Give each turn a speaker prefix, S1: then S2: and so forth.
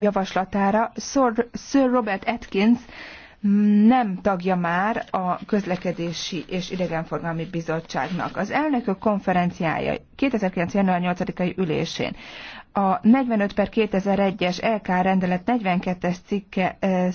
S1: javaslatára Sir Robert Atkins nem tagja már a közlekedési és idegenforgalmi bizottságnak. Az elnökök konferenciája 2009. január 8-ai ülésén a 45 per 2001-es LK rendelet 42-es cikke eh,